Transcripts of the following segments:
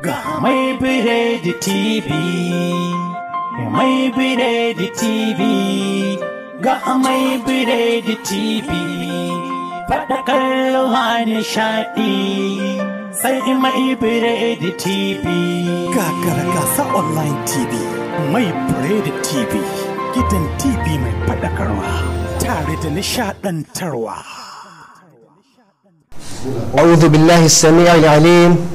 Ga mai biredi TV, mai biredi TV, ga mai biredi TV, faɗakar ruwa nishaɗi. Sai mai biredi TV. Gagara gasa online TV, May mai biredi TV, gidan TV may mai faɗakarwa, tare da tarwa. أعوذ بالله السميع العليم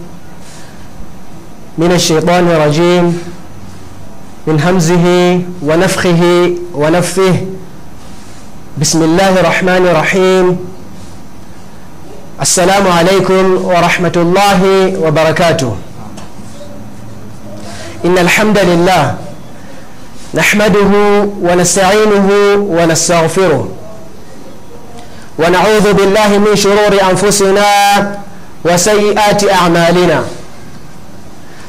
من الشيطان الرجيم من همزه ونفخه ونفه بسم الله الرحمن الرحيم السلام عليكم ورحمة الله وبركاته إن الحمد لله نحمده ونستعينه ونستغفره ونعوذ بالله من شرور أنفسنا وسيئات أعمالنا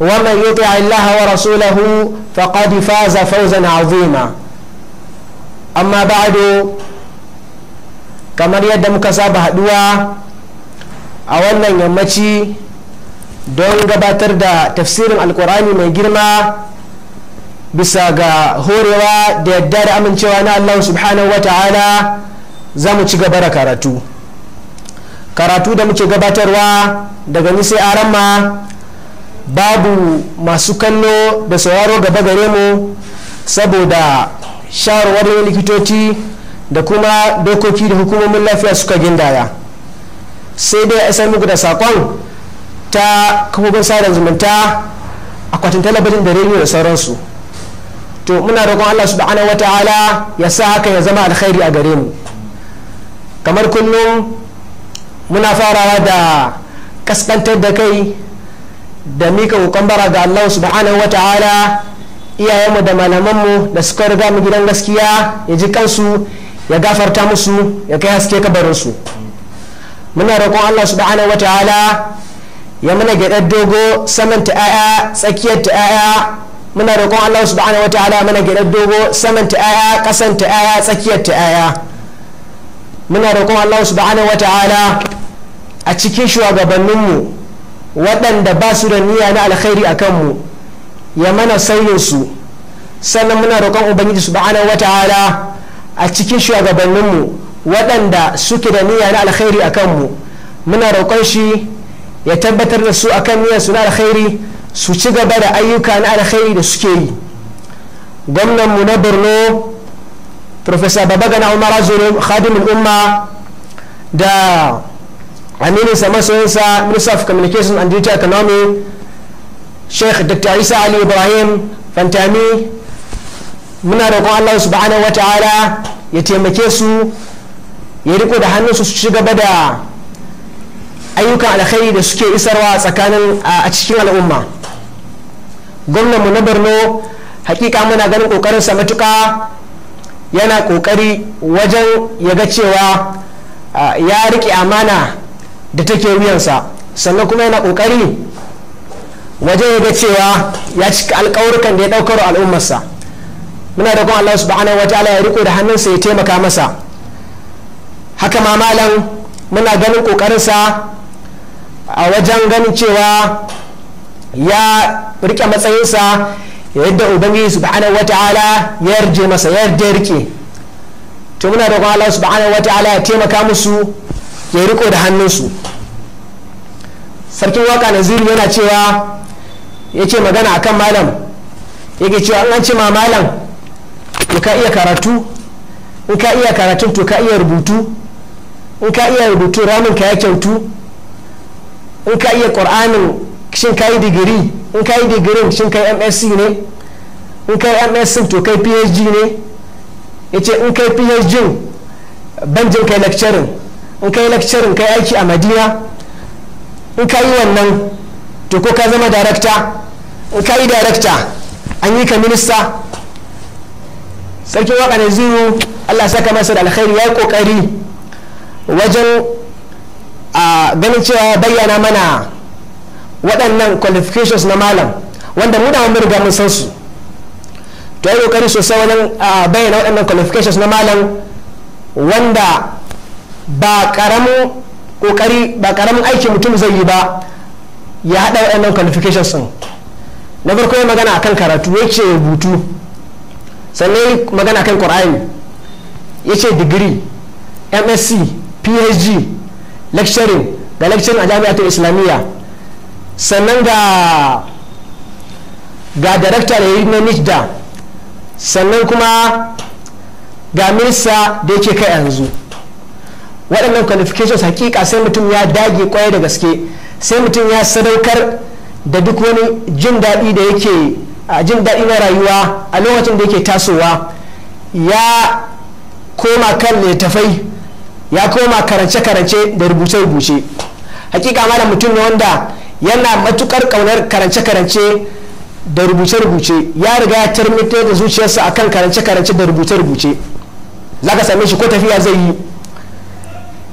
ومن يطع الله ورسوله فقد فاز فوزا عظيما أما بعد kamar yadda muka saba haɗuwa a wannan yammaci don gabatar da tafsirin alƙur'ani mai girma bisa ga horewa da yadda da amincewa na allahu subhanahu wa ta'ala za mu ci gaba da karatu karatu da muke gabatarwa daga nisa aramma babu masu kallo da sauraro gaba gare mu saboda shawarwarin likitoci da kuma dokoki da hukumomin lafiya suka gindaya sai dai a muku da sakon ta kafofin sada zumunta a akwatin talabijin da rediyo da sauransu to muna roƙon allah su da wa ta'ala ya sa haka ya zama alkhairi a gare mu kamar kullum muna farawa da kaskantar da kai da mika kokon bara ga Allah subhanahu wa ta'ala iyayenmu da malamanmu da suka riga mu gidan gaskiya ya ji kansu ya gafarta musu ya kai haske kabarinsu muna roƙon Allah subhanahu wa ta'ala ya mana gyaɗar dogo saman ta aya tsakiyar ta aya muna roƙon Allah subhanahu wa ta'ala Ya mana gyaɗar dogo saman ta aya ƙasan ta aya. tsakiyar ta aya muna roƙon Allah subhanahu wa ta'ala a cikin shugabanninmu waɗanda ba su da niyya na alkhairi a kanmu ya mana su sannan muna roƙon ubangiji wata ala a cikin shugabanninmu waɗanda suke da niyya na alkhairi a kanmu muna roƙon shi ya tabbatar da su akan su na alkhairi su ci gaba da ayyuka na alkhairi da suke yi gwamnanmu na borno professor babagana umar azurum khadimul umma da aminu samasoyinsa minister of communication and digital economy sheikh dr isa ali ibrahim fantami muna roƙon allah subhanahu wata'ala ya taimake su ya riko da hannun su su ci gaba da ayyukan alkhairi da suke isarwa tsakanin a cikin al'umma gwamnanmu na borno hakika muna ganin ƙoƙarinsa matuƙa yana ƙoƙari wajen ya ga cewa ya riƙe amana da take wuyansa sannan kuma yana kokari waje ya cewa ya cika alƙawurkan da ya daukar al'ummarsa muna da kuma Allah subhanahu wa ta'ala ya riko da hannunsa ya taimaka masa haka ma malam muna ganin kokarinsa a wajen ganin cewa ya rike matsayinsa yadda ubangiji subhanahu wa ta'ala ya yarje masa ya rike to muna da kuma Allah subhanahu wa ta'ala ya taimaka musu ya riko da hannunsu sarkin waka naziru yana cewa ya ce magana akan malam yake cewa an ce ma malam to ka iya karatu in ka iya karatun to ka iya rubutu in ka iya rubutu ramin ka ya kyautu in ka iya ƙur'anin shin ka yi digiri in ka yi digirin shin ka yi msc ne in ka yi msc to kai phd ne ya ce in kai phd ban jin kai lecturing in kai lecturing kai aiki a madina in ka yi wannan to ko ka zama darakta in ka yi darakta an yi ka minista sarkin waka na zuru allah saka masa da alkhairi ya yi kokari wajen a ganin cewa bayyana mana waɗannan qualifications na malam wanda mu da mun riga mun san su to yi kokari sosai wajen bayyana waɗannan qualifications na malam wanda ba ƙaramin kokari ba karamin aiki mutum zai yi ba ya haɗa waɗannan qualifications sun na farko ya magana akan karatu ya ce rubutu sannan magana akan qur'ani ya ce digiri msc phd lecturing ga lecturing a ta islamiyya sannan ga ga director da yi na nijda sannan kuma ga minista da yake kai yanzu waɗannan qualifications hakika sai mutum ya dage kwaya da gaske sai mutum ya sadaukar da duk wani jin daɗi da yake jin daɗi na rayuwa a lokacin da yake tasowa ya koma kan littafai ya koma karance-karance da rubuce-rubuce hakika mana mutum ne wanda yana matukar ƙaunar karance-karance da rubuce-rubuce ya riga ya tarmitar da zuciyarsa akan karance-karance da rubuce-rubuce za ka same shi ko tafiya zai yi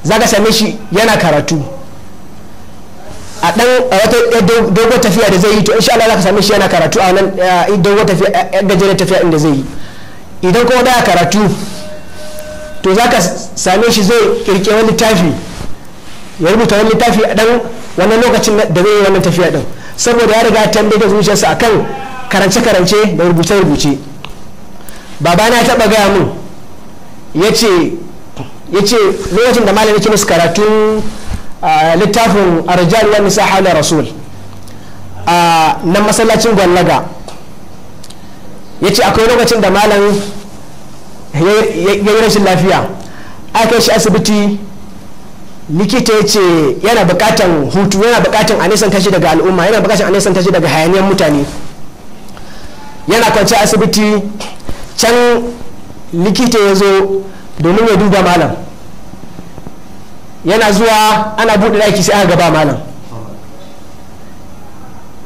za ka same shi yana karatu a dan wata dogon tafiya da zai yi to insha Allah za ka same shi yana karatu a nan dogon tafiya yan gajere tafiya inda zai yi idan kuma da karatu to za ka same shi zai kirke wani littafi ya rubuta wani littafi a dan wannan lokacin da zai yi wannan tafiya din saboda ya riga tambe da zuciyarsa akan karance-karance da rubuce-rubuce babana ya taba gaya mun ya ce ya ce lokacin da malami ke su karatun littafin arjal wani nisa hawla rasul a nan masallacin gwallaga ya ce akwai lokacin da malam ya yi rashin lafiya aka shi asibiti likita ya ce yana bukatan hutu yana bukatan anisan tashi daga al'umma yana bukatan anisan tashi daga hayaniyar mutane yana kwanci asibiti can likita ya zo domin ya duba malam yana zuwa ana buɗe ɗaki sai aka gaba malam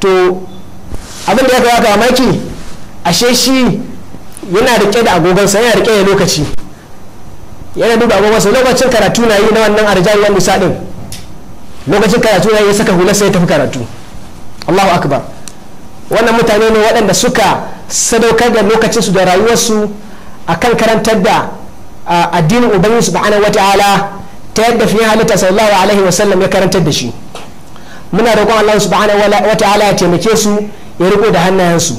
to abin da ya kawo mamaki ashe shi yana rike da agogonsa yana rike da lokaci yana duba agogonsa lokacin karatu na yi na wannan arjani wani nisa din lokacin karatu na yi ya saka hula sai ya tafi karatu allahu akbar wannan mutane ne waɗanda suka sadaukar da lokacinsu da rayuwarsu akan karantar da addinin ubangiji subhanahu wataala ta yadda fiye halitta sallallahu alaihi wasallam ya karantar da shi muna roƙon Allah subhanahu wataala ya taimake su ya riko da hannayensu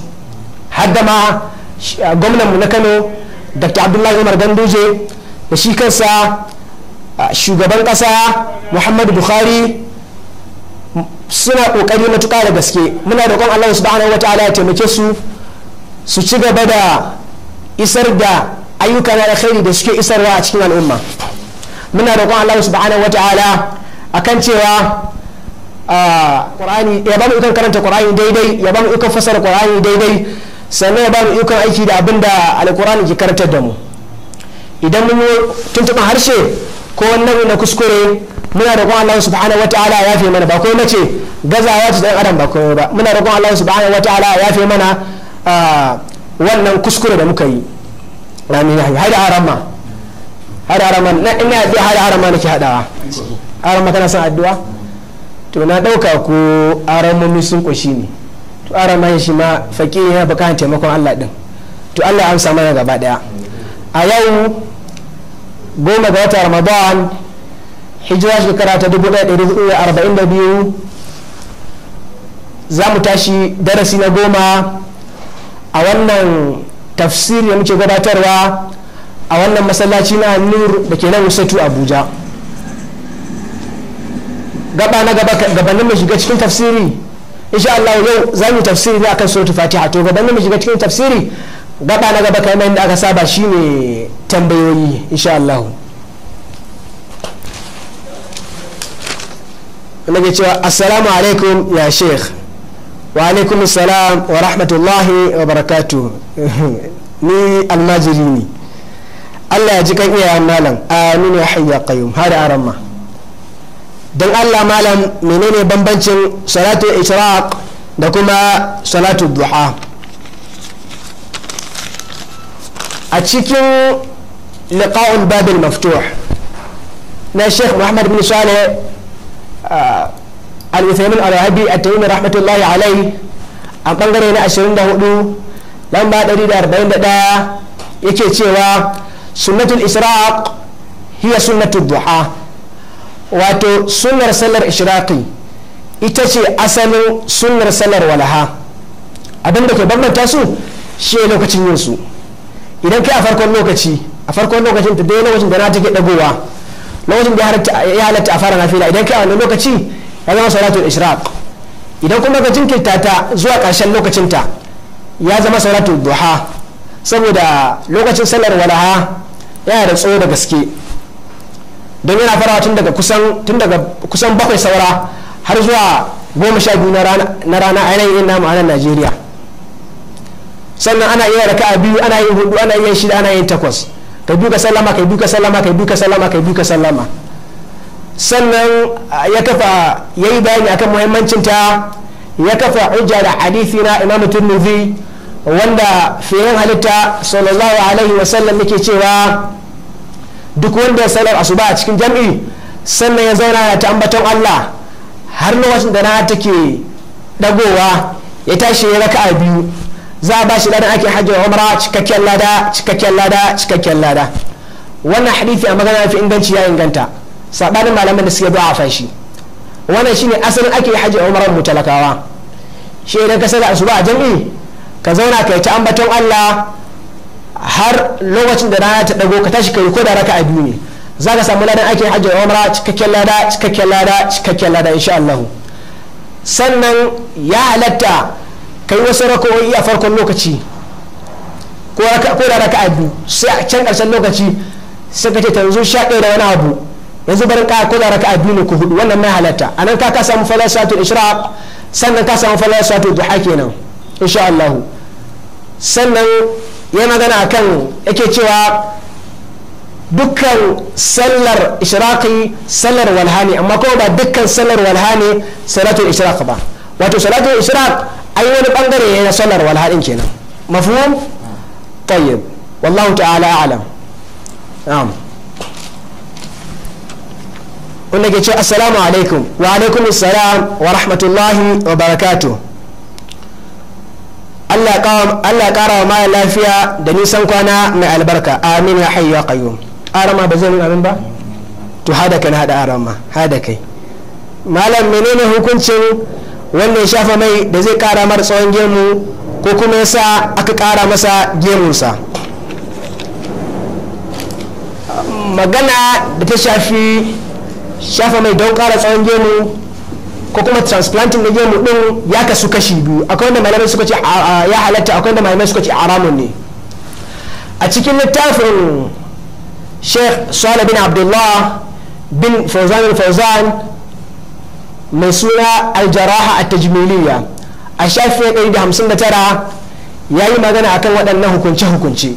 hadda ma gwamnan mu na Kano Dr. Abdullahi Umar Ganduje da shi kansa shugaban ƙasa Muhammadu Buhari suna kokari matuƙa da gaske muna roƙon Allah subhanahu wataala ya taimake su su ci gaba da isar da ayyuka na alkhairi da suke isarwa a cikin al'umma muna roƙon Allah subhanahu a akan cewa Qur'ani ya ba mu ikon karanta Qur'ani daidai ya ba mu ikon fasara Qur'ani daidai sannan ya ba mu ikon aiki da abin da ke karantar da mu idan mun tuntuɓa harshe ko wannan na kuskure muna roƙon Allah subhanahu ta'ala ya fi mana ba ko nace gazawa ta dan adam ba ko ba muna roƙon Allah subhanahu ta'ala ya fi mana wannan kuskure da muka yi ramin ya haɗa arama haɗa arama na ina addu'a haɗa arama nake haɗawa arama tana son addu'a to na ɗauka ko aramomi sun ƙoshi ne to arama shi ma faƙi yana buƙatar taimakon Allah ɗin to Allah ya amsa mana gaba ɗaya a yau goma ga wata ramadan hijira shekara ta 1442 za mu tashi darasi na goma a wannan tafsiri da muke gabatarwa a wannan masallaci na nur da ke nan wasatu abuja gaba na gaba gabanin mu shiga cikin tafsiri insha Allah yau za mu tafsiri ne akan suratul fatiha to gabanin mu shiga cikin tafsiri gaba na gaba kamar yadda aka saba shine tambayoyi insha Allah ke cewa assalamu alaikum ya sheikh wa alaikum salam wa rahmatullahi wa barakatu ni almajiri ne allah ya ji kan iya malam aminu ya hayya qayyum har aran ma don allah malam menene bambancin salatu ishraq da kuma salatu duha a cikin liqa'ul babil maftuh na sheikh muhammad bin saleh al-usaimin al rahabi a tayyib rahmatullahi alai a bangare na 24 lamba 141 yake cewa sunnatul israq hiya sunnatul duha wato sunnar sallar israqi ita ce asalin sunnar sallar walaha abinda ke bambanta su shi ne lokacin yin su idan kai a farkon lokaci a farkon lokacin ta dai lokacin da na take dagowa lokacin da ya halatta a fara nafila idan kai a wani lokaci ya zama salatul ishraq idan kuma ka jinkirta ta zuwa ƙarshen lokacin ta ya zama salatul duha saboda lokacin sallar walaha yana da tsawo da gaske don yana farawa tun daga kusan bakwai saura har zuwa goma sha biyu na rana ainihin yin namu a nan najeriya sannan ana iya a biyu ana yin hudu ana yin shida ana yin takwas kai duka sallama kai duka sallama kai duka sallama kai duka sallama sannan ah, ya kafa ya yi bayani akan muhimmancinta ya kafa hujja da hadithi na imamu turmuzi wanda fiyan halitta sallallahu alaihi wa sallam yake cewa duk wanda ya asuba a cikin jam'i sannan ya zauna ya ta ambaton allah har lokacin da na take dagowa ya tashi ya raka'a biyu za a ba shi ladan ake hajjar umra cikakken lada cikakken lada cikakken lada wannan hadithi a magana fi inganci ya inganta sabanin malaman da suke a shi wannan shine asalin ake haji umar umarar talakawa shi idan ka sada asuba a jami'i ka zauna kai ta ambaton Allah har lokacin da rana ta dago ka tashi kai ko da raka'a biyu ne za ka samu ladan ake hajji umar cikakken lada cikakken lada cikakken lada insha Allah sannan ya halatta kai wasu rako'i a farkon lokaci ko da raka'a biyu sai a can karshen lokaci sai ka ce ta yanzu sha ɗaya da wani abu yanzu bari ka ko da raka'a biyu ne ku hudu wannan mai halatta anan ka ka samu falasatu ishraq sannan ka samu falasatu duha kenan insha Allah sannan ya magana akan yake cewa dukkan sallar ishraqi sallar walhani amma kuma ba dukkan sallar walhani salatu ishraq ba wato salatul ishraq ai wani bangare ne na sallar walhadin kenan mafhum tayyib wallahu ta'ala a'lam na'am wanda ke ce assalamu alaikum wa alaikum salam wa rahmatullahi wa barakatu Allah kara wa mara lafiya da nisan kwana mai albarka amin ya hayyu ya arama ba zai nuna min ba to hada kai na hada arama hada kai malam menene hukuncin wanda ya shafa mai da zai kara mara tsawon gemu ko kuma yasa aka kara masa gemunsa magana da ta shafi shafa mai don da tsawon gemu ko kuma transplanting na gemu din ya kasu kashi biyu akwai wanda malamai suka ce ya halatta akwai wanda malamai suka ce haramun ne a cikin littafin sheikh salih bin abdullah bin fauzan fauzan mai suna aljaraha a tajmiliya a shafi 159 ya yi magana akan waɗannan hukunce-hukunce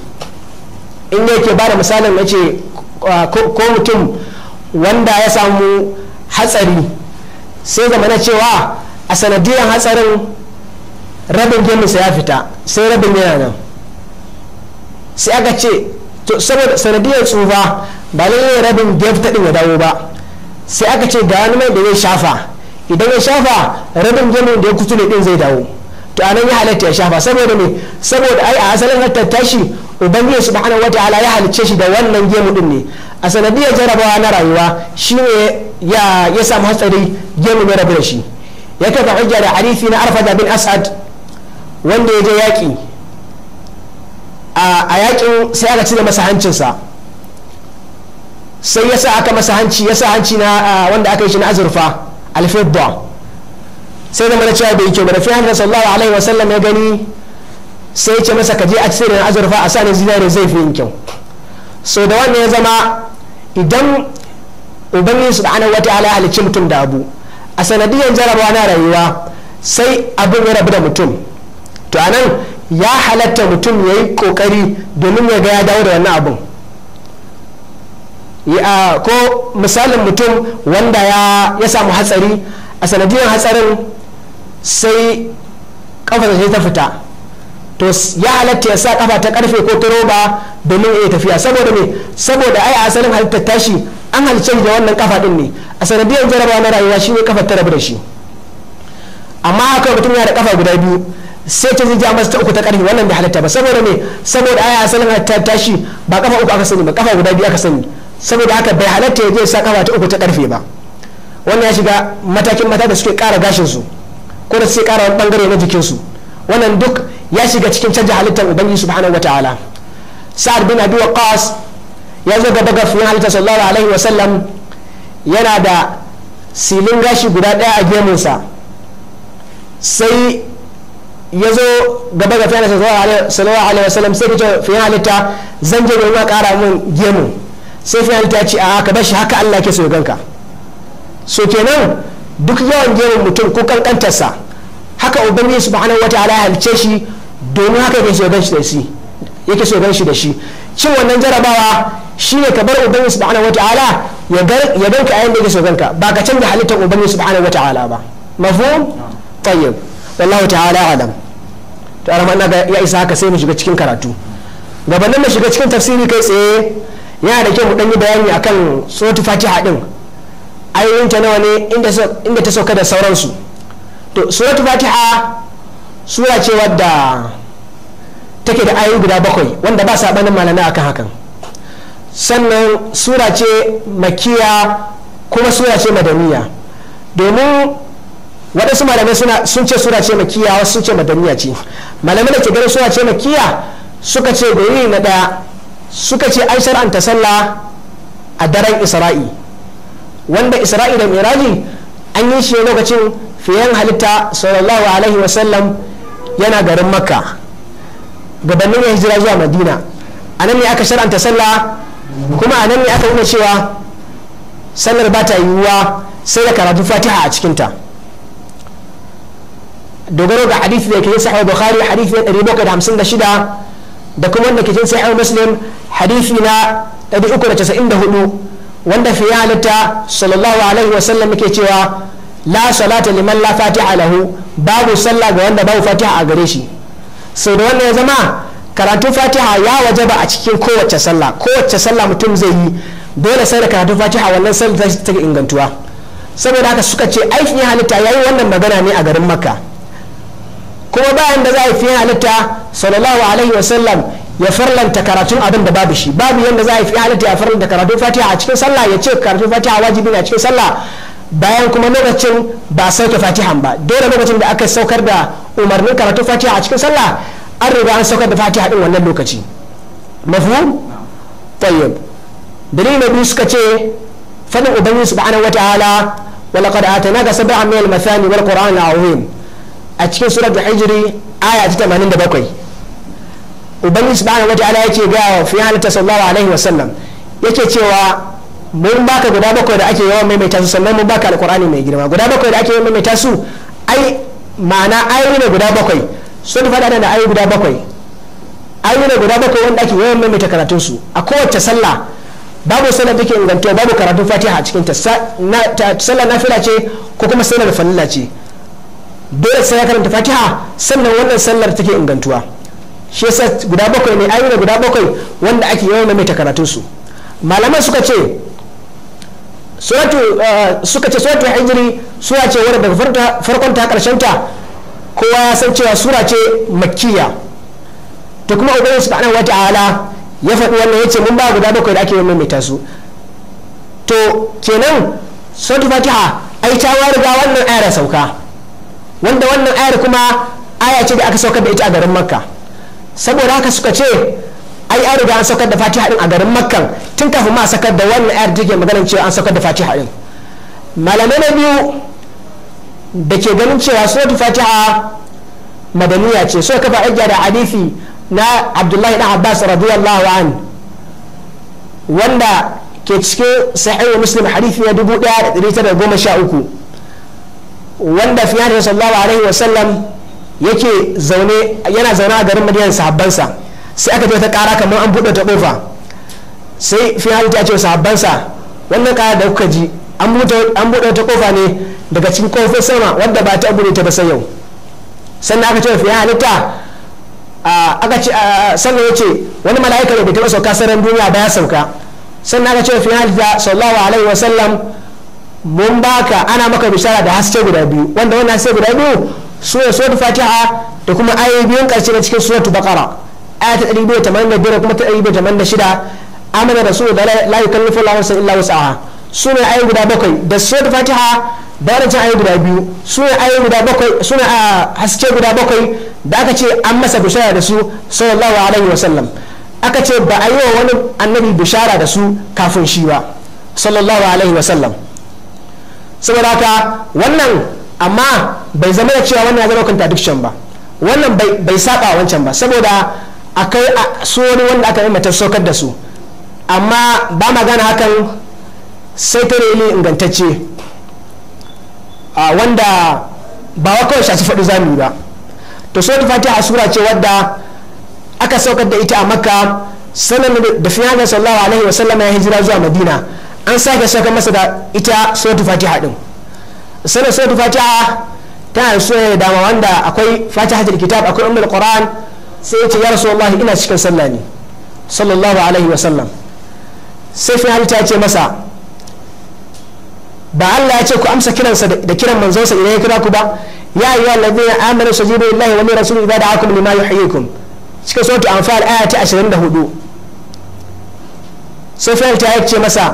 inda yake ba da misalin na ce ko mutum wanda ya samu hatsari sai zama na cewa a sanadiyar hatsarin rabin gemisa ya fita sai rabin yana nan sai aka ce to saboda sanadiyar tsufa ba lalle rabin gefta din ya dawo ba sai aka ce ga wani mai da zai shafa idan ya shafa rabin gemun da ya kutule din zai dawo to anan ya halatta ya shafa saboda ne saboda ai a asalin halatta tashi ubangiji subhanahu ala ya halicce shi da wannan gemu din ne a sanadiyar jarabawa na rayuwa shi ne ya samu hatsari gemu ya rabu da shi ya kafa hujja da harifi na arfa bin asad wanda ya je yaƙi a yaƙin sai aka cire masa hancinsa sai ya sa aka masa hanci ya sa hanci na wanda aka yi shi na azurfa alfibba sai da mana cewa bai kyau da fi hannun sallallahu alaihi wasallam ya gani sai ya ce masa kaje a cire na azurfa a sa ne zinare zai fi yin kyau so da wannan ya zama idan su ubangiji wata ala ya halicci mutum da abu a sanadiyar jarabawa na rayuwa sai abin ya rabu da mutum to anan ya halatta mutum ya yi kokari domin ya ga ya dawo da wannan abin ko misalin mutum wanda ya samu hatsari a sanadiyar hatsarin sai da shi ta fita to ya halatta ya sa kafa ta karfe ko ta roba domin ya tafiya saboda me saboda ai asalin halitta tashi an halice da wannan kafa din ne a sanadiyar jarabawa na rayuwa shine kafa ta rabu da shi amma haka mutum ya da kafa guda biyu sai ta zai ja masa ta uku ta karfe wannan bai halatta ba saboda me saboda ai asalin halitta tashi ba kafa uku aka sani ba kafa guda biyu aka sani saboda haka bai halatta ya je sa kafa ta uku ta karfe ba wannan ya shiga matakin mata da suke kara gashin su ko da suke kara wani bangare na jikin su wannan duk ya shiga cikin canja halittar ubangiji subhanahu ta'ala sa'ad bin abi waqas ya zo gaba ga fiye halittar sallallahu alaihi sallam yana da silin gashi guda daya a gemunsa sai ya zo gaba ga fiye halittar sallallahu alaihi sallam sai ta fiye halitta zan je ne kara min gemu sai fiye halitta ce a ka bashi haka Allah ke so ya ganka so kenan duk yawan gemun mutum ko kankantarsa haka ubangiji subhanahu ta'ala ya halice shi domin haka yake so shi da shi yake so shi da shi cin wannan jarabawa shi ne ka bar ubangiji subhanahu ta'ala ya ganka a da yake so ganka ba ka canza halittar ubangiji subhanahu ta'ala ba mafhum tayyib wallahu ta'ala alam to arama ina ga ya isa haka sai mu shiga cikin karatu gabanin mu shiga cikin tafsiri kai tsaye yana da kyau mu dan yi bayani akan suratul fatiha din ayoyin ta nawa ne inda ta sauka da sauransu to suratul fatiha sura ce wadda take da ayoyi guda bakwai wanda ba sa banin malamai akan hakan sannan sura ce makiya kuma sura ce madaniya domin waɗansu malamai sun ce sura ce makiya wasu sun ce madaniya ce malamai da ke gani sura ce makiya suka ce gori na ɗaya suka ce an shar'anta sallah a daren isra'i wanda isra'i da miraji an yi shi lokacin fiyen halitta sallallahu alaihi wasallam yana garin makka gabanin ya hijira zuwa madina a nan ne aka shar'anta sallah kuma a nan ne aka nuna cewa sallar ba ta yiwuwa sai da karatu fatiha a cikinta dogaro ga hadith da ke yin sahih bukhari hadith na 756 da kuma wanda ke yin sahih muslim hadith na 394 wanda fiye halitta sallallahu alaihi wa sallam muke cewa la salata liman la fatiha lahu babu sallah ga wanda babu fatiha a gare shi sai da wanda ya zama karatu fatiha ya waje ba a cikin kowace sallah kowace sallah mutum zai yi dole sai da karatu fatiha wannan sallah ta ingantuwa saboda haka suka ce ai fiye halitta yayi wannan magana ne a garin makka kuma bayan da za a yi fiye halitta sallallahu alaihi sallam ya farlanta karatun abin da babu shi babu yanda za a yi fiye halitta ya farlanta karatun fatiha a cikin sallah ya ce karatu fatiha wajibi ne a cikin sallah bayan kuma lokacin ba sauke fatihan ba dole lokacin da aka saukar da umarnin karatu fatiha a cikin sallah an riga an saukar da fatiha din wannan lokaci mafhum tayyib dalilin da biyu suka ce fadin ubangiji subhanahu wataala wa laqad atanaka sab'an min al-mathani wal qur'an al-azim a cikin suratul hijri aya ta 87 ubangiji subhanahu wataala yake ga wa fi halatta sallallahu alaihi wasallam yake cewa mun baka guda bakwai da ake yawan maimaita su sannan mun baka alkur'ani mai girma guda bakwai da ake yawan maimaita su ai ma'ana ayoyi ne guda bakwai sun faɗa da ayoyi guda bakwai ayoyi ne guda bakwai wanda ake yawan maimaita karatun su a kowace sallah babu sallar take ingantuwa babu karatun fatiha a cikin ta sallah nafila ce ko kuma sallar falila ce dole sai ya karanta fatiha sannan wannan sallar take ingantuwa shi yasa guda bakwai ne ayoyi guda bakwai wanda ake yawan maimaita karatun su malaman suka ce Eh, suka ce suratu hijri sura ce wadda daga farkon ta karshen ta kowa ya san cewa sura ce makkiya to kuma ubangiji subhanahu wata'ala ya faɗi wannan yace mun ba guda bakwai da ake yi maimaita su to kenan suratu fatiha ai ta riga wannan ayar sauka wanda wannan ayar kuma aya ce da aka saukar da ita a garin makka saboda haka suka ce ai an riga an saukar da fatiha din a garin makkan tun kafin ma saukar da wannan ayar ke maganar cewa an saukar da fatiha din malamai na biyu da ke ganin cewa suratul fatiha madaniya ce so kafa ajiya da hadisi na abdullahi dan abbas radiyallahu an wanda ke cikin sahih muslim hadisi na 1913 wanda fiye da sallallahu alaihi wasallam yake zaune yana zaune a garin madiyan sahabbansa sai aka ta kara kamar an buɗe ta ƙofa sai fi hali ta ce sahabbansa wannan kara da kuka ji an buɗe ta ƙofa ne daga cikin kofin sama wadda ba ta buɗe ta ba sai yau sannan aka ce fi halitta aka ce sannan ya ce wani mala'ika da bai taɓa sauka sararin duniya ba ya sauka sannan aka ce fi halitta sallallahu alaihi sallam mun baka ana maka bishara da haske guda biyu wanda wannan haske guda biyu su suratul fatiha da kuma ayoyi biyun karshe na cikin suratul bakara aya ta biyar kuma ta 186 amana rasulu da la yukallifu Allahu nafsan illa wus'aha sune ayoyi guda bakwai da suratul fatiha bayan can ayoyi guda biyu sune ayoyi guda bakwai sune a haske guda bakwai da aka ce an masa bishara da su sallallahu alaihi sallam. aka ce ba a yi wa wani annabi bishara da su kafin shi ba sallallahu alaihi sallam saboda haka wannan amma bai zama da cewa wannan ya zama contradiction ba wannan bai saba wancan ba saboda akwai surori wanda aka yi mata saukar da su amma ba magana hakan sai ta ne ingantacce wanda ba wa kawai shafi faɗi zamu ba to suratul fatiha sura ce wadda aka saukar da ita a makka sanan da fiyanar sallallahu alaihi wasallam ya hijira zuwa madina an sake saukar masa da ita suratul fatiha din sanan suratul fatiha tana da da dama wanda akwai fatihatul kitab akwai ummul qur'an sai ya ce ya rasu wallahi ina cikin sallah ne sallallahu alaihi wa sallam sai fi ta ce masa ba Allah ya ce ku amsa kiransa da kiran manzonsa idan ya kira ku ba ya yi wa ladina amanu sajibu lillahi wa lirasuli idza da'akum lima yuhyikum cikin suratul anfal aya ta 24 sai fi ta ce masa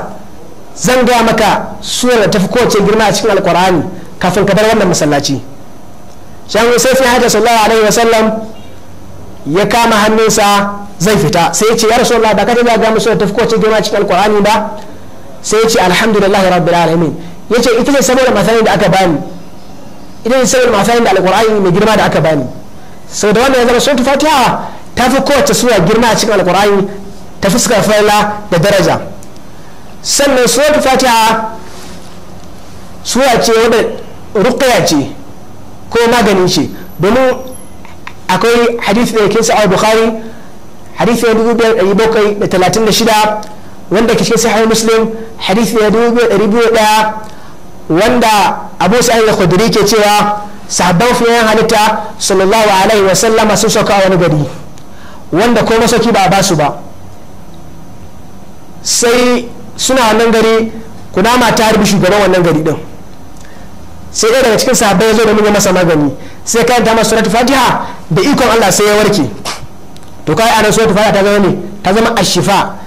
zan gaya maka surar da tafi kowace girma a cikin alkur'ani kafin ka bar wannan masallaci shan sai fi halitta sallallahu alaihi wa sallam. ya kama hannunsa zai fita sai ya ce ya rasu Allah ba ka taɓa ga musu da tafi kowace girma cikin alkur'ani ba sai ya ce alhamdulillahi rabbil alamin ya ce ita ce saboda matsayin da aka bani ita ce saboda matsayin da alkur'ani mai girma da aka bani sau da wannan ya zama sun fatiha ta fi kowace sura girma a cikin alkur'ani ta fuskar farla da daraja sannan suratul fatiha sura ce wadda ruqya ce ko magani ce domin akwai hadisi da yake sa'ar bukhari hadisi ya dubu biyar ɗari bakwai da talatin da shida wanda ke cikin sahih muslim hadisi ya dubu biyar ɗari biyu ɗaya wanda abu sa'id da khudri ke cewa sabon fiyan halitta sallallahu alaihi wa sallama sun sauka wani gari wanda ko masauki ba a basu ba sai suna wannan gari kuna ta harbi shugaban wannan gari din sai ɗaya daga cikin sahabbai ya zo da masa magani sai karanta masa suratul fatiha da ikon Allah sai ya warke to kai anan suratul fatiha ta zama ne ta zama ashifa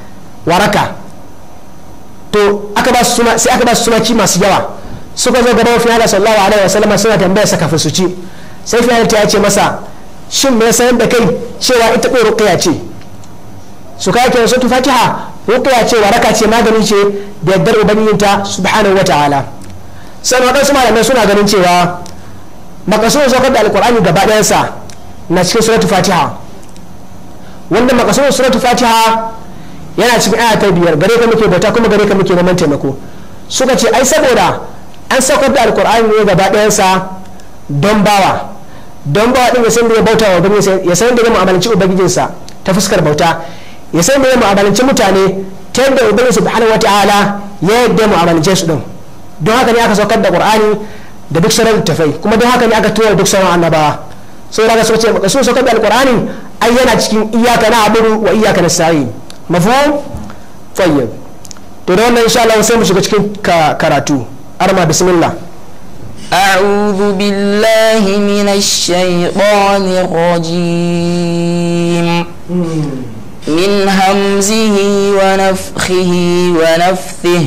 waraka to aka ba su suna sai aka ba su suna ci masu yawa suka zo gaban fiyala sallallahu alaihi wasallam suna tambaya saka kafin su ci sai fiya ta ce masa shin me san da kai cewa ita ko ruqya ce su kai ke suratul fatiha ruqya ce waraka ce magani ce da yaddar ubangijinta subhanahu wataala ma waɗansu malamai suna ganin cewa makasudin saukar da alkur'ani gaba ɗayansa na cikin suratul fatiha wanda makasudin suratul fatiha yana cikin aya ta biyar gare ka muke bauta kuma gare ka muke neman taimako suka ce ai saboda an saukar da alkur'ani ne gaba ɗayansa don bawa don bawa ɗin ya san da ya bauta wa ubangiji ya san da ya mu'amalanci ubangijinsa ta fuskar bauta ya san da ya mu'amalanci mutane ta yadda ubangiji subhanahu wata'ala ya yadda mu'amalance su ɗin don haka ne aka saukar da qur'ani da duk sauran tafai kuma don haka ne aka tura duk sauran annabawa sai daga sauce maka sun saukar da alqur'ani ai yana cikin iyaka na abudu wa iyaka na sa'i mafhum tayyib to da wannan insha Allah sai mu shiga cikin karatu arma bismillah أعوذ بالله من الشيطان الرجيم من همزه ونفخه ونفثه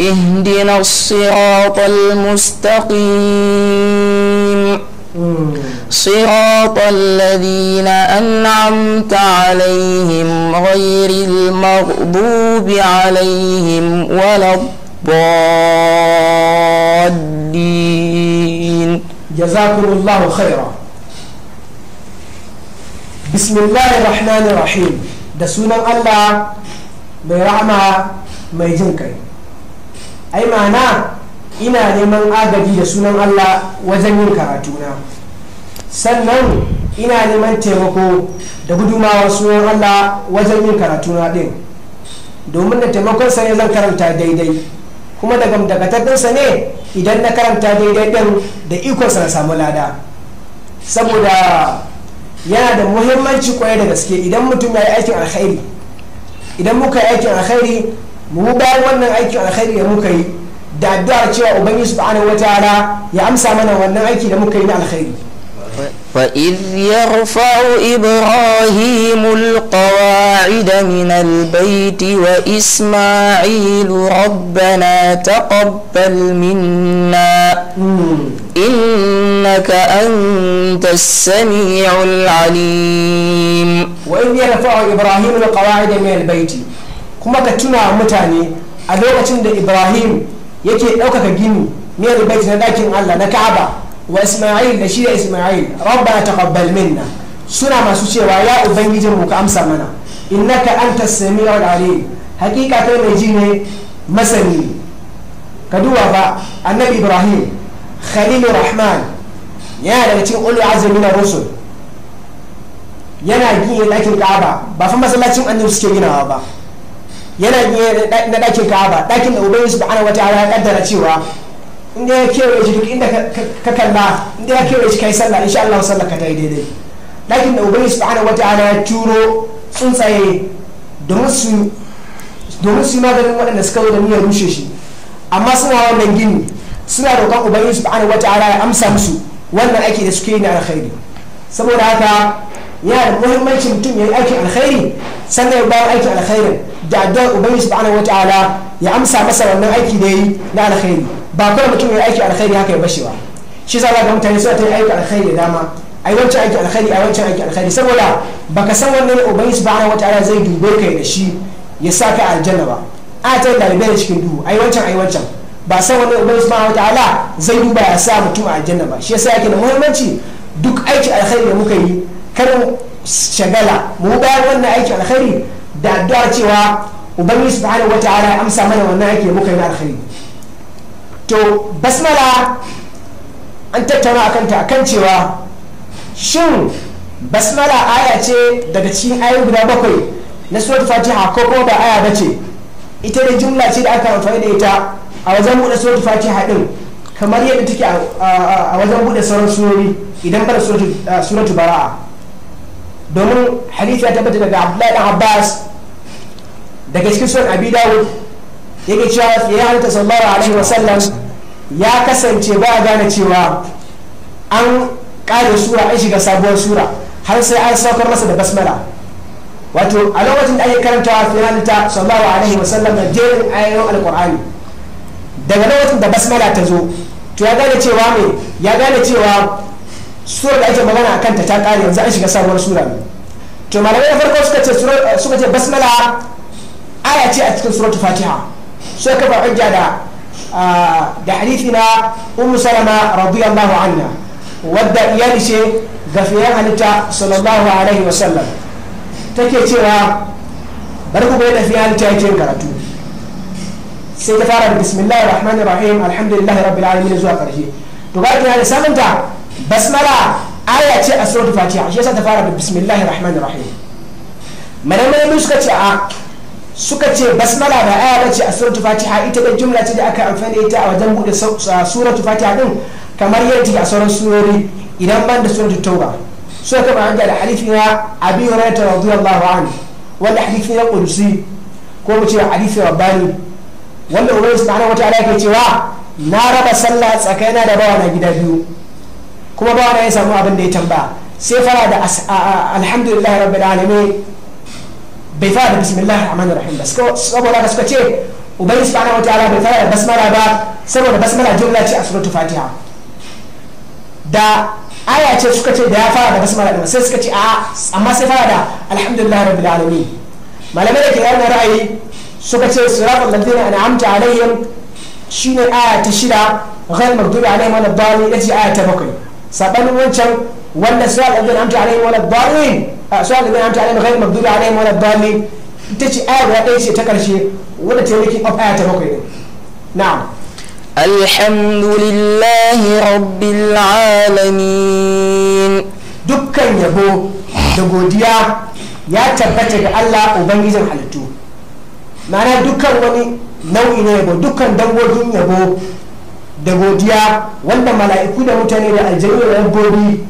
اهدنا الصراط المستقيم صراط الذين أنعمت عليهم غير المغضوب عليهم ولا الضالين جزاكم الله خيرا بسم الله الرحمن الرحيم دسونا الله برحمة ما يجنكي ai ma'ana ina neman agaji da sunan Allah wajen yin karatuna sannan ina neman taimako da gudumawar sunan Allah wajen yin karatuna din domin da taimakon sa ne zan karanta daidai kuma daga sa ne idan na karanta daidai din da ikonsa na samu lada saboda yana da muhimmanci kwaye da gaske idan mutum ya yi aikin alkhairi idan muka yi aikin alkhairi mu bayan wannan aikin alkhairi da muka yi da addu'ar cewa ubangiji subhanahu wataala ya amsa mana wannan aiki da muka yi na alkhairi فإذ يرفع إبراهيم القواعد من البيت وإسماعيل ربنا تقبل منا إنك أنت السميع العليم وإذ يرفع إبراهيم القواعد من البيت kuma ka tuna mutane a lokacin da ibrahim yake ɗaukaka gini ne bai na ɗakin allah na ka'aba wa isma'il da shi da isma'il rabba na taqabbal minna suna masu cewa ya ubangijin mu ka amsa mana innaka anta samiul alim hakika kai mai ji ne masani ka duwa ba annabi ibrahim khalilur rahman yana daga cikin ulul azumi na rusul yana gina ɗakin ka'aba ba fa masallacin annabi suke ginawa ba yana ne na ɗakin kaba ɗakin da ubangi subhanahu wataala ya kaddara cewa inda ya kewaye shi duk inda ka kalla inda ya kewaye shi kai sallah insha Allah sallah ka ta yi daidai ɗakin da ubangi subhanahu wataala ya turo tsuntsaye domin su domin su maganin waɗanda suka zo da niyyar rushe shi amma suna wannan gini suna roƙon ubangi subhanahu wataala ya amsa musu wannan aiki da suke yi na alkhairi saboda haka yana da muhimmanci mutum ya yi aikin alkhairi sannan ya bayan aikin alkhairin da addu'ar ubangiji subhanahu wataala ya amsa masa wannan aiki da yi na alkhairi ba kawai mutum ya yi aikin alkhairi haka ya bashi ba shi za ga mutane suna ta yi aikin alkhairi da dama ai wancan aikin alkhairi ai wancan aikin alkhairi saboda baka san wannan ubangiji subhanahu wataala zai dube kai da shi ya sa ka aljanna ba a ta dalibai da cikin duhu ai wancan ai wancan ba san wannan ubangiji subhanahu wataala zai duba ya sa mutum a aljanna ba shi yasa yake da muhimmanci duk aikin alkhairi da muka yi karin shagala mu bayan wannan aikin alkhairi da addu'a cewa ubangiji subhanahu wataala ya amsa mana wannan aiki muka yi na alkhairi to basmala an tattauna akan ta akan cewa shin basmala aya ce daga cikin ayoyi guda bakwai na suratul fatiha ko kuma ba aya bace ita da jumla ce da aka amfani da ita a wajen buɗe suratul fatiha din kamar yadda take a wajen buɗe sauran surori idan ba da suratul bara'a domin hadith ya tabbata daga abdullahi dan abbas daga cikin son abi dawud ya yake cewa ya hanta sallallahu alaihi sallam ya kasance ba a gane cewa an ƙare sura an shiga sabuwar sura har sai an saukar masa da basmala wato a lokacin da ake karantawa finalita sallallahu alaihi wasallam da jerin ayoyin alkur'ani daga lokacin da basmala ta zo to ya gane cewa mai ya gane cewa sura da ake magana a kanta ta kare yanzu an shiga sabuwar sura ne to malamai da farko suka ce suka ce basmala aya ce a cikin suratul fatiha sai ka ba hujja da da hadisi na ummu salama radiyallahu anha wadda iyali ce gafiyan halitta sallallahu alaihi wa sallam take cewa bari ku bai tafiya halitta yake karatu sai ta fara da bismillahir rahmanir rahim alhamdulillahi rabbil alamin zuwa karshe to ga ta da samunta basmala aya ce a suratul fatiha shi yasa ta fara da bismillahir rahmanir rahim malamai suka ce a suka ce basmala ba aya ce a suratul fatiha ita da jumla ce da aka amfani ita a wajen bude suratul fatiha din kamar yadda a sauran surori idan ban da suratul tauba so kama an ga da halifi na abi hurairah radiyallahu anhu wanda halifi ya qudsi ko mu ce halifi rabbani wanda ubangiji subhanahu wataala yake cewa na raba sallah tsakaina da bawa na gida biyu kuma ba wani ya samu abin da ya tambaya sai fara da alhamdulillah rabbil alamin bai fara da bismillah rahman rahim ba saboda ka suka ce ubangi subhanahu wa ta'ala bai fara da basmala ba saboda basmala jumla ce a suratul fatiha da aya ce suka ce da ya fara da basmala din sai suka ce a amma sai fara da alhamdulillah rabbil alamin malamai da ke yana ra'ayi suka ce siratul ladina an'amta alaihim shine aya ta shida ghayr maghdubi alaihim waladdallin ita ce aya ta bakwai sabanin wancan wanda su alladhin amta alaihim wala wala dhalin ita ce aya guda ɗaya ce ta ƙarshe wanda ta yi of aya ta bakwai ne na'am الحمد لله رب العالمين dukkan yabo da godiya ya tabbata ga Allah ubangijin halittu ma'ana dukkan wani nau'i na yabo dukkan dangogin yabo da godiya wanda mala'iku da mutane da aljanu da dabbobi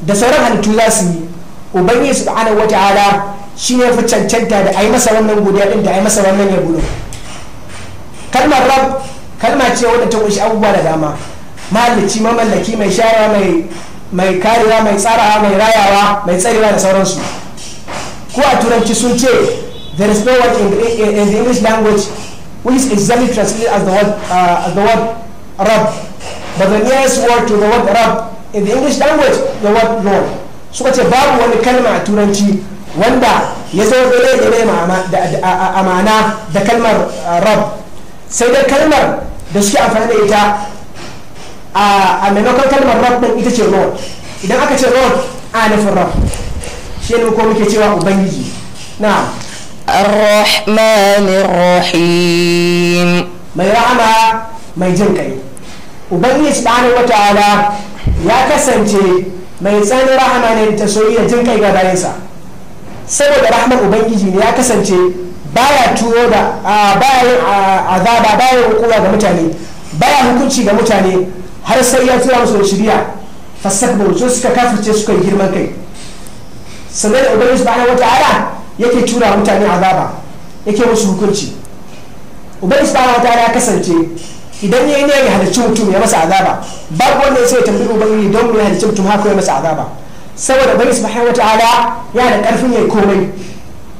da sauran halittu za su yi ubangiji wata ala shi ne fi cancanta da a yi masa wannan godiya din da a yi masa wannan ya gudu kalmar rab kalma ce wadda ta kunshi abubuwa da dama mahalicci mamallaki mai shara mai mai karewa mai tsarawa mai rayawa mai tsarewa da sauransu ko a turanci sun ce there is no word in the english language which is exactly translated as the word, uh, as the word Rab but the nearest word to the word Rab in the English language the word Lord suka ce babu wani kalma a turanci wanda ya zama ɗaya da amana da kalmar uh, Rab sai dai kalmar da suke amfani da ita a maimakon kalmar Rab ɗin ita ce Lord idan aka ce Lord a nufin Rab shi ne ko muke cewa Ubangiji na الرحمن الرحيم mai rahama mai jin ubangiji subhanahu wataala ya kasance mai tsanin rahama ne ta da jin kai ga bayansa saboda rahmar ubangiji ne ya kasance baya tuwo da baya yin azaba baya hukuma ga mutane baya hukunci ga mutane har sai ya tura musu shirya fasakbaru so suka kafirce suka yi girman kai sannan da ubangiji subhanahu wataala yake tura mutane azaba yake musu hukunci ubangiji subhanahu wataala ya kasance idan ya yi ne ya halicci mutum ya masa azaba babu wanda sai ya tambayi ubangiji don ya halicci mutum haka ya masa azaba saboda bani wata ala ya da karfin ya yi komai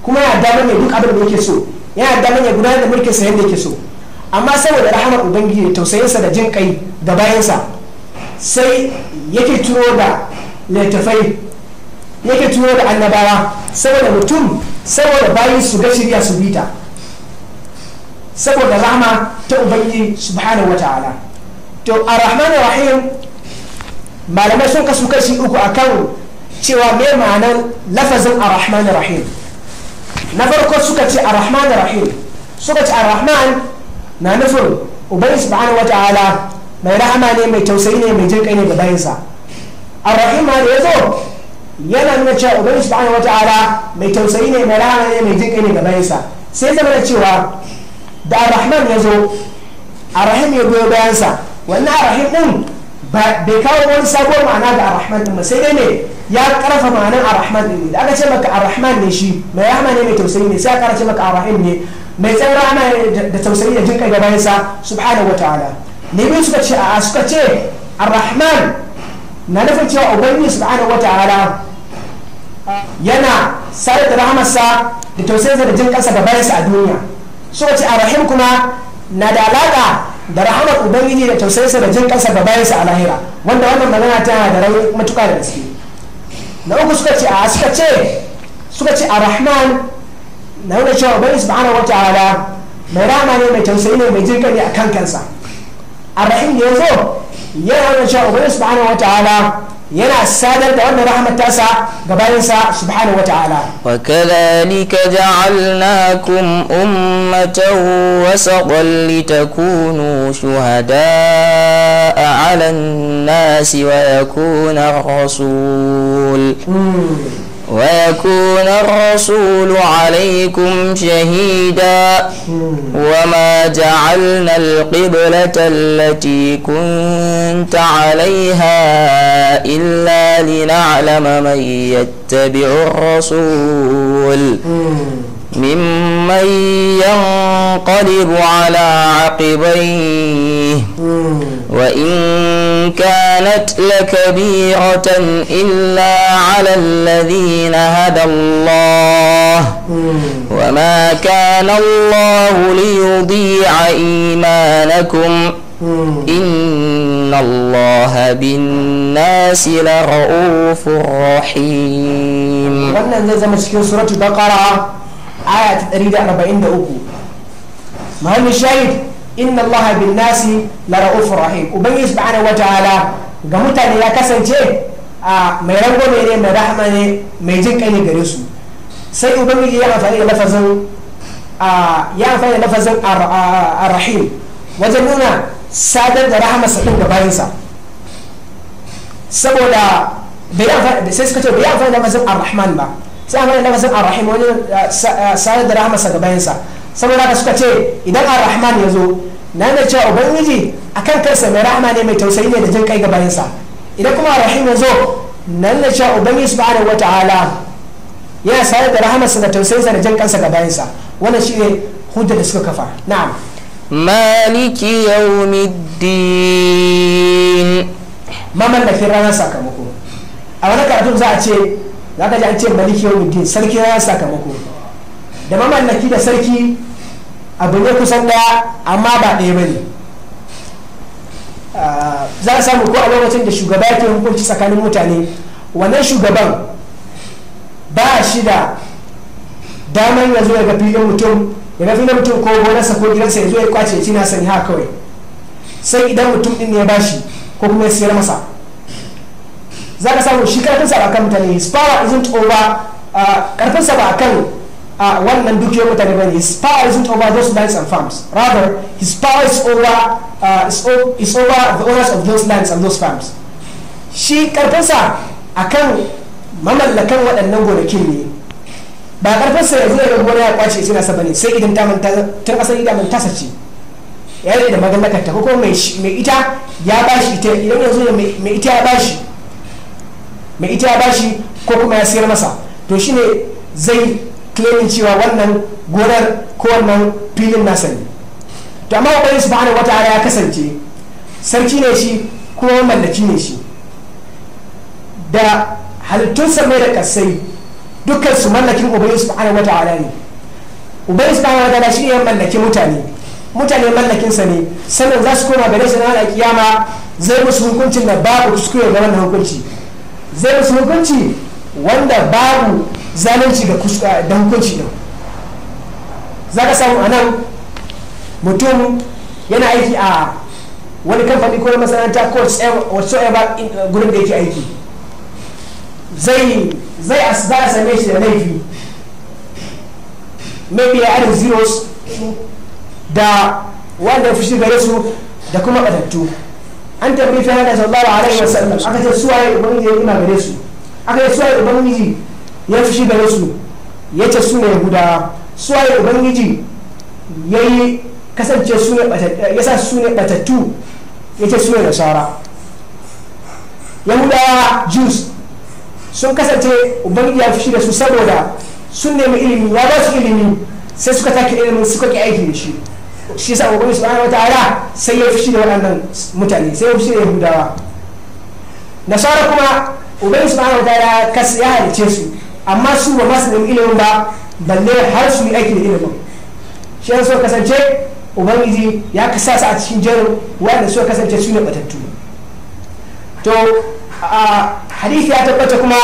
kuma ya damar ya duk abin da yake so yana damar ya gudanar da mulkin sa yadda yake so amma saboda rahamar ubangiji tausayinsa da jin kai da bayansa sai yake turo da littafai yake turo da annabawa saboda mutum saboda bayin su ga shirya su bita saboda rahama ta ubangi subhanahu wa ta'ala to a rahman rahim malamai sun kasu kashi uku akan cewa me ma'anar lafazin a rahman rahim na farko suka ce a rahman rahim suka ce a rahman na nufin ubangi subhanahu wa ta'ala mai rahama ne mai tausayi ne mai jin ne ga bayansa rahim ma da ya zo yana nuna cewa ubangi subhanahu wa ta'ala mai tausayi ne mai rahama ne mai jin ne ga bayansa sai zama da cewa da rahman ya zo rahim ya goyo bayansa wannan rahim ɗin bai kawo wani sabuwar ma'ana da a rahman ɗin sai dai ne ya karfa ma'anar rahman ɗin da aka ce maka rahman ne shi mai rahman ne mai tausayi ne sai aka ce maka rahim ne mai tsayin rahma da tausayi da jinkai ga bayansa subhanahu wa ta'ala ne biyu suka ce a suka ce rahman na nufin cewa ubangiji subhanahu wa ta'ala yana sare da rahamarsa da tausayinsa da jinkansa ga bayansa a duniya suka ce a rahim kuma na da alaka da rahama ubangiji da tausayinsa da jin kansa da bayansa a lahira wanda wannan magana ta da rai matuka da gaske na uku suka ce a suka ce suka ce a rahman na nuna cewa ubangiji subhanahu wata ala mai rama ne mai tausayi ne mai jin ne a kan kansa a rahim ne ya zo yana nuna cewa ubangiji subhanahu wata ala. ينا السادة وأن رحمة تاسع قبلنسا سبحانه وتعالى وكذلك جعلناكم أمة وسطا لتكونوا شهداء على الناس ويكون الرسول ويكون الرسول عليكم شهيدا وما جعلنا القبلة التي كنت عليها إلا لنعلم من يتبع الرسول ممن ينقلب على عقبيه وإن كانت لكبيرة إلا على الذين هدى الله وما كان الله ليضيع إيمانكم إن الله بالناس لرؤوف رحيم. aya ta 143 mahallin shahid inna Allah bin nasi la ra'ufur rahim ubangiji subhanahu ala ga mutane ya kasance a mai rangwame ne mai rahama ne mai jin kai ne gare su sai ubangiji ya amfani da lafazin ya amfani da lafazin ar-rahim wajen nuna sadar da rahamarsa din da bayansa saboda sai suka ce bai amfani da lafazin ar-rahman ba sai amana da masan arrahim wani eh, eh, sayar da rahama ga bayansa saboda haka suka ce idan arrahman ya zo na mai cewa ubangiji akan kansa mai rahma ne mai tausayi ne da jin kai ga bayansa idan kuma arrahim ya zo nan na cewa ubangiji ya wataala yana sayar da rahama rahmarsa da sa da jin kansa ga bayansa wannan ne hujja da suka kafa na'am maliki yawmiddin mamallakin ranar sakamako a wani karatu za a ce za ka ji an ce maliki yau mutum sarki ya sakamako da mamallaki da sarki abu ne kusan daya amma ba ɗaya ba ne ah, za a samu ko a lokacin da shugaba ke hukunci tsakanin mutane wannan shugaban ba shi da damar ya zo ya ga filin mutum ya ga filin mutum ko gonarsa ko gidansa ya zo ya kwace ya ci na sanya kawai sai idan mutum din ne ya bashi ko kuma ya siyar masa za ka samu shi karfinsa ba kan mutane his power isn't over uh, karfinsa ba kan uh, wannan dukiyoyin mutane ba ne his power isn't over those lands and farms rather his power is over uh, is over the owners of those lands and those farms shi karfinsa a kan mamallakan waɗannan gonaki ne ba karfinsa yanzu ne gona ya kwace suna sa bane sai idan ta manta tun asali da manta sace ya da magamlakarta ko kuma mai ita ya bashi ita idan yanzu mai ita ya bashi mai ita ya bashi ko kuma ya siyar masa to shine zai claim cewa wannan gonar ko wannan filin nasa ne to amma su subhanahu wata ya kasance sarki ne shi kuma mallaki ne shi da halittun mai da kasai dukkan su mallakin ubangiji wata ala ne ubangiji subhanahu wataala shi ne mallaki mutane mutane mallakinsa ne sannan za su koma gare shi na kiyama zai musu hukuncin da babu kuskure ga wannan hukunci zai su hukunci wanda babu zalunci da hukunci din za ka samu a nan mutum yana aiki a wani kamfani ko masana'anta ko ba uh, gurin da yake aiki zai zai za a same shi da laifi maybe ya added zeros da wanda ya gare su da kuma ƙatattu an tambayi ta hada sallallahu alaihi wasallam aka ce suwaye ubangiji ya nuna gare su aka ce suwaye ubangiji ya fushi gare su ya ce su ne yahudawa suwaye ubangiji ya yi kasance su ne ya sa su ne batattu ya ce su ne nasara yahudawa jews sun kasance ubangiji ya fushi da su saboda sun nemi ilimi ya ba su ilimi sai suka take ilimin suka ki aiki da shi shi yasa ubangiji subhanahu wataala sai ya fushi da waɗannan mutane sai ya fushi da yahudawa nasara kuma ubangiji subhanahu wataala kas ya halice su amma su ba masu nemi ilimin ba balle har su yi aiki da ilimin shi yasa suka kasance ubangiji ya kasa su a cikin jerin wanda suka kasance su ne batattu to hadisi ya tabbata kuma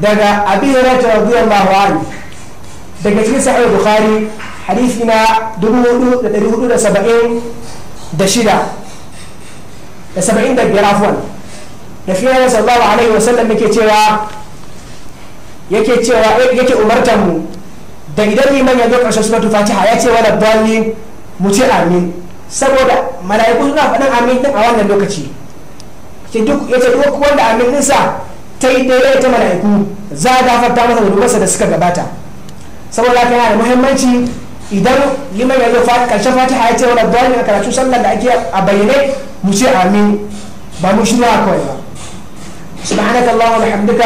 daga abin rata radiyallahu anhu daga cikin sahih bukhari hadisi na hudu da dari shida da saba'in da biyar afuwan da fiye da sallallahu alaihi wasallam yake cewa yake cewa yake umartar mu da idan liman ya zo suna suratul fatiha ya ce wala dalli mu ce amin saboda mala'iku suna faɗin amin din a wannan lokaci ce duk yace duk wanda amin nisa ta yi daidai ta mala'iku za a ta masa da dubarsa da suka gabata saboda haka yana da muhimmanci idan liman ya zo kashe fatiha ya ce wani dole a karatu sallar da ake a bayyane mu ce amin ba mu shirya kawai ba سبحانك اللهم وبحمدك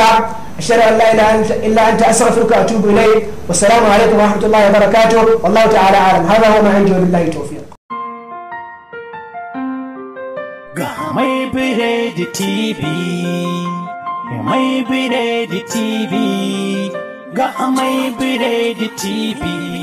أشهد أن لا إله إلا أنت أستغفرك وأتوب إليك والسلام عليكم ورحمة الله وبركاته والله تعالى أعلم هذا هو ما عندي وبالله التوفيق mai di TV, mai di TV, ga mai di TV.